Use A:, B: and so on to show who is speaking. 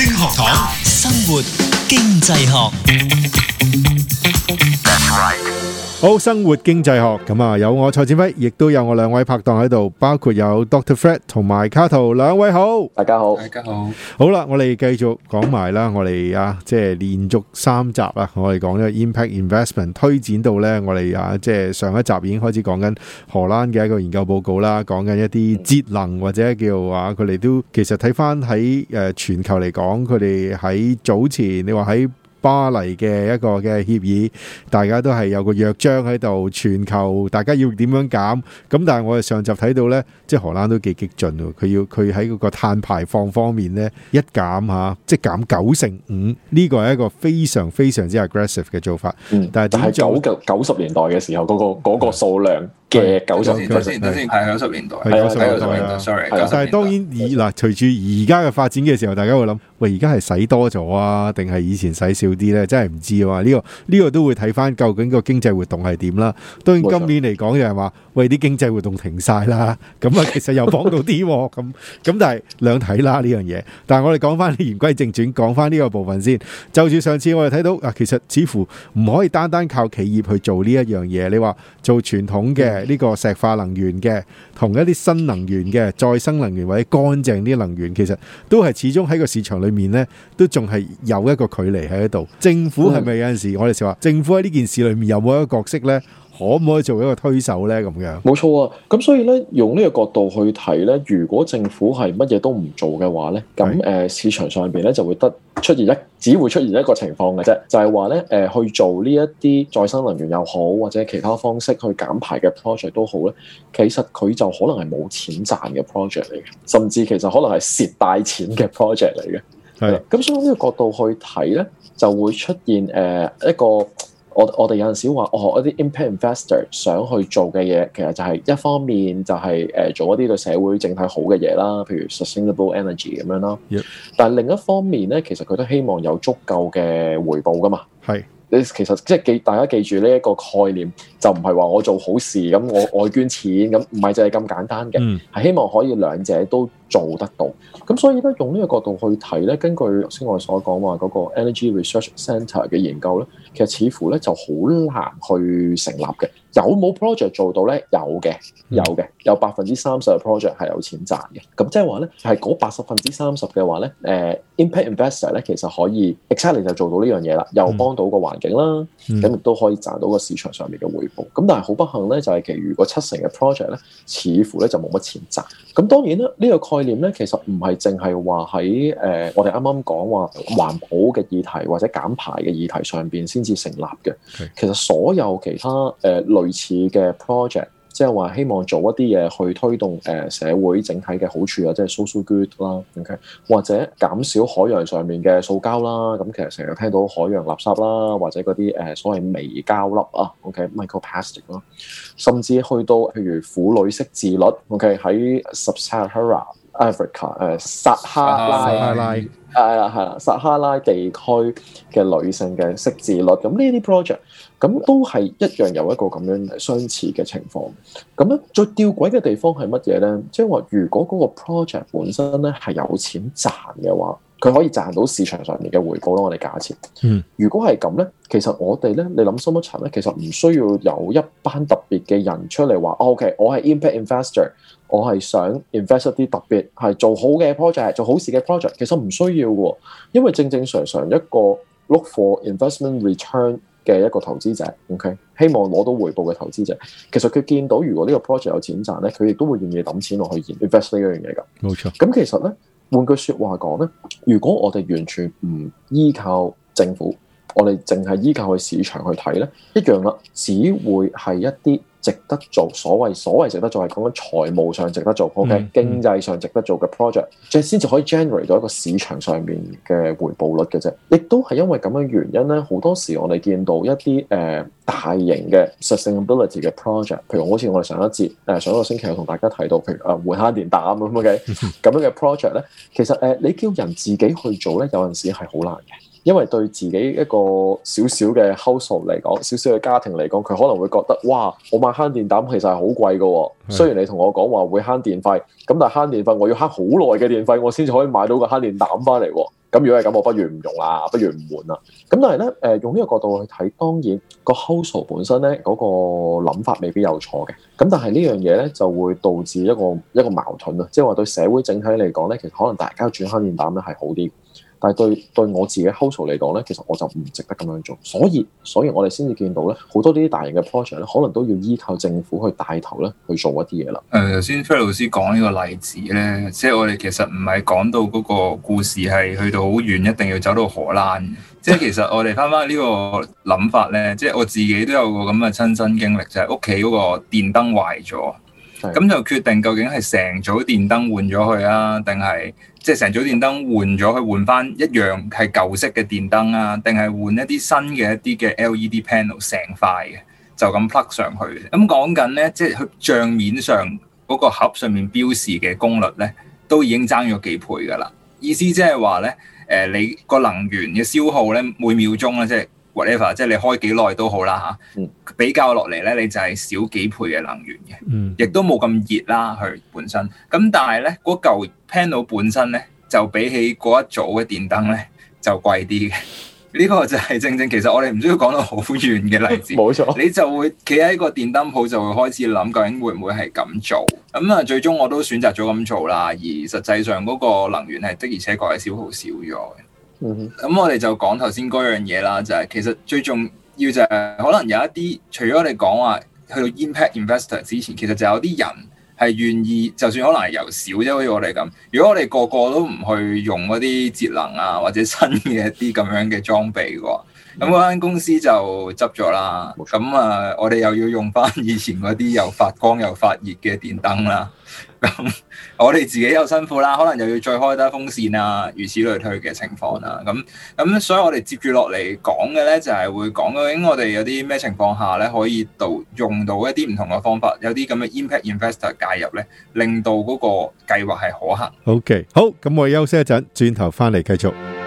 A: 財星學堂，生活、Now. 經濟學。好，生活經濟學咁啊，有我蔡展輝，亦都有我兩位拍檔喺度，包括有 Dr. Fred 同埋卡圖兩位好，大家好，大家好，好啦，我哋繼續講埋啦，我哋啊，即係連續三集啦，我哋講呢個 impact investment 推展到呢。我哋啊，即係上一集已經開始講緊荷蘭嘅一個研究報告啦，講緊一啲節能或者叫話，佢哋都其實睇翻喺誒，全球嚟講，佢哋喺早前你話喺。巴黎嘅一個嘅協議，大家都係有個約章喺度，全球大家要點樣減？咁但係我哋上集睇到呢，即係荷蘭都幾激進喎，佢要佢喺嗰個碳排放方面呢，一減嚇，即係減九成五。呢個係一個非常非常之 aggressive 嘅做法。嗯、但係喺九
B: 九十年代嘅時候嗰個嗰個數量嘅九十年代先，九十年代係九十年代，年代，年代，sorry 年代年代。
A: 但係當然而嗱，隨住而家嘅發展嘅時候，大家會諗。喂，而家係使多咗啊？定係以前使少啲咧？真係唔知啊！呢個呢個都會睇翻究竟個經濟活動係點啦。當然今年嚟講又係話喂，啲經濟活動停晒啦。咁啊，其實又講到啲咁咁，但係兩睇啦呢樣嘢。但係我哋講翻，言歸正傳，講翻呢個部分先。就住上次我哋睇到啊，其實似乎唔可以單單靠企業去做呢一樣嘢。你話做傳統嘅呢個石化能源嘅，同一啲新能源嘅再生能源或者乾淨啲能源，其實都係始終喺個市場裏面咧都仲係有一個距離喺度。政府係咪有陣時？嗯、我哋就話政府喺呢件事裏面有冇一個角色咧？可唔可以做一個推手咧？咁樣
B: 冇錯啊。咁所以咧，用呢個角度去睇咧，如果政府係乜嘢都唔做嘅話咧，咁、呃、市場上面咧就會得出現一只會出現一個情況嘅啫，就係話咧呃、去做呢一啲再生能源又好，或者其他方式去減排嘅 project 都好咧。其實佢就可能係冇錢賺嘅 project 嚟嘅，甚至其實可能係蝕大錢嘅 project 嚟嘅。係，咁所以呢個角度去睇咧，就會出現誒、呃、一個我我哋有陣時話哦，一啲 impact investor 想去做嘅嘢，其實就係一方面就係、是、誒、呃、做一啲對社會整體好嘅嘢啦，譬如 sustainable energy 咁樣啦。但另一方面咧，其實佢都希望有足夠嘅回報㗎嘛。係，你其實即係記大家記住呢一個概念，就唔係話我做好事咁我我捐錢咁，唔係就係咁簡單嘅，係、嗯、希望可以兩者都做得到，咁所以咧用呢個角度去睇咧，根據頭先我所講話嗰 Energy Research Centre 嘅研究咧，其實似乎咧就好難去成立嘅。有冇 project 做到咧？有嘅，有嘅，有百分之三十嘅 project 係有錢賺嘅。咁即係話咧，係八十分之三十嘅話咧，誒 impact investor 咧其實可以 exactly 就做到呢樣嘢啦，又幫到個環境啦，咁亦都可以賺到個市場上面嘅回報，咁但係好不幸咧，就係、是、其餘個七成嘅 project 咧，似乎咧就冇乜錢賺，咁當然啦，呢個概念概念咧，其實唔係淨係話喺誒，我哋啱啱講話環保嘅議題或者減排嘅議題上邊先至成立嘅。其實所有其他誒、呃、類似嘅 project，即係話希望做一啲嘢去推動誒、呃、社會整體嘅好處啊，即係 social good 啦。OK，或者減少海洋上面嘅塑膠啦。咁其實成日聽到海洋垃圾啦，或者嗰啲誒所謂微膠粒啊。OK，micro plastic 啦，甚至去到譬如婦女識字率。OK，喺 Sub Sahara Africa，誒撒哈拉，係啊係啊，撒哈拉地區嘅女性嘅識字率，咁呢啲 project，咁都係一樣有一個咁樣相似嘅情況。咁咧，最吊詭嘅地方係乜嘢咧？即係話，如果嗰個 project 本身咧係有錢賺嘅話，佢可以賺到市場上面嘅回報咯。我哋價錢，嗯，如果係咁咧，其實我哋咧，你諗深一層咧，其實唔需要有一班特別嘅人出嚟話、啊，OK，我係 impact investor。我係想 invest 一啲特別係做好嘅 project，做好事嘅 project，其實唔需要嘅，因為正正常常一個 look for investment return 嘅一個投資者，OK，希望攞到回報嘅投資者，其實佢見到如果呢個 project 有錢賺咧，佢亦都會願意抌錢落去 invest 呢樣嘢噶。冇錯。咁其實咧，換句説話講咧，如果我哋完全唔依靠政府，我哋淨係依靠去市場去睇咧，一樣啦，只會係一啲。值得做，所謂所謂值得做係講緊財務上值得做，OK、嗯、經濟上值得做嘅 project，即係先至可以 generate 到一個市場上面嘅回報率嘅啫。亦都係因為咁樣原因咧，好多時我哋見到一啲、呃、大型嘅 sustainability 嘅 project，譬如好似我哋上一節、呃、上一個星期有同大家提到，譬如啊、呃、換下電膽咁 OK 咁樣嘅 project 咧，其實、呃、你叫人自己去做咧，有陣時係好難嘅。因為對自己一個少少嘅 household 嚟講，少少嘅家庭嚟講，佢可能會覺得哇，我買慳電膽其實係好貴噶。雖然你同我講話會慳電費，咁但係慳電，電費，我要慳好耐嘅電費，我先至可以買到個慳電膽翻嚟。咁如果係咁，我不如唔用啦，不如唔換啦。咁但係咧，誒、呃，用呢個角度去睇，當然個 household 本身咧嗰、那個諗法未必有錯嘅。咁但係呢樣嘢咧就會導致一個一個矛盾咯。即係話對社會整體嚟講咧，其實可能大家轉慳電膽咧係好啲。但係對對我自己 h o l 嚟講咧，其實我就唔值得咁樣做，所以所以我哋先至見到咧好多呢啲大型嘅 project 咧，可能都要依靠政府去帶頭咧去做一啲嘢啦。誒、
C: 嗯，頭先 c 老師講呢個例子咧，即係我哋其實唔係講到嗰個故事係去到好遠，一定要走到荷蘭。即係其實我哋翻翻呢個諗法咧，即係我自己都有個咁嘅親身經歷，就係屋企嗰個電燈壞咗。咁就決定究竟係成組電燈換咗佢啊，定係即係成組電燈換咗佢換返一樣係舊式嘅電燈啊，定係換一啲新嘅一啲嘅 LED panel 成塊嘅就咁 plug 上去。咁講緊呢，即係佢帳面上嗰個盒上面標示嘅功率呢，都已經爭咗幾倍㗎啦。意思即係話呢，誒、呃、你個能源嘅消耗呢，每秒鐘呢，即係。whatever，即係你開幾耐都好啦嚇，比較落嚟咧，你就係少幾倍嘅能源嘅，亦都冇咁熱啦。佢本身，咁但係咧，嗰嚿 panel 本身咧，就比起嗰一組嘅電燈咧，就貴啲嘅。呢、呢個就係正正其實我哋唔需要講到好遠嘅例子。冇錯，你就會企喺個電燈鋪就會開始諗究竟會唔會係咁做。咁、嗯、啊，最終我都選擇咗咁做啦。而實際上嗰個能源係的少少，而且確係消耗少咗嘅。咁我哋就講頭先嗰樣嘢啦，就係其實最重要就係可能有一啲，除咗我哋講話去到 impact investor 之前，其實就有啲人係願意，就算可能係由少啫，好似我哋咁。如果我哋個個都唔去用嗰啲節能啊或者新嘅一啲咁樣嘅裝備嘅話咁嗰間公司就執咗啦，咁啊，我哋又要用翻以前嗰啲又發光又發熱嘅電燈啦，咁我哋自己又辛苦啦，可能又要再開多風扇啊，如此類推嘅情況啦，咁咁，所以我哋接住落嚟講嘅咧，就係會講究竟我哋有啲咩情況下咧，可以度用到一啲唔同嘅方法，有啲咁嘅 impact investor 介入咧，令到嗰個計劃係可行。
A: OK，好，咁我哋休息一陣，轉頭翻嚟繼續。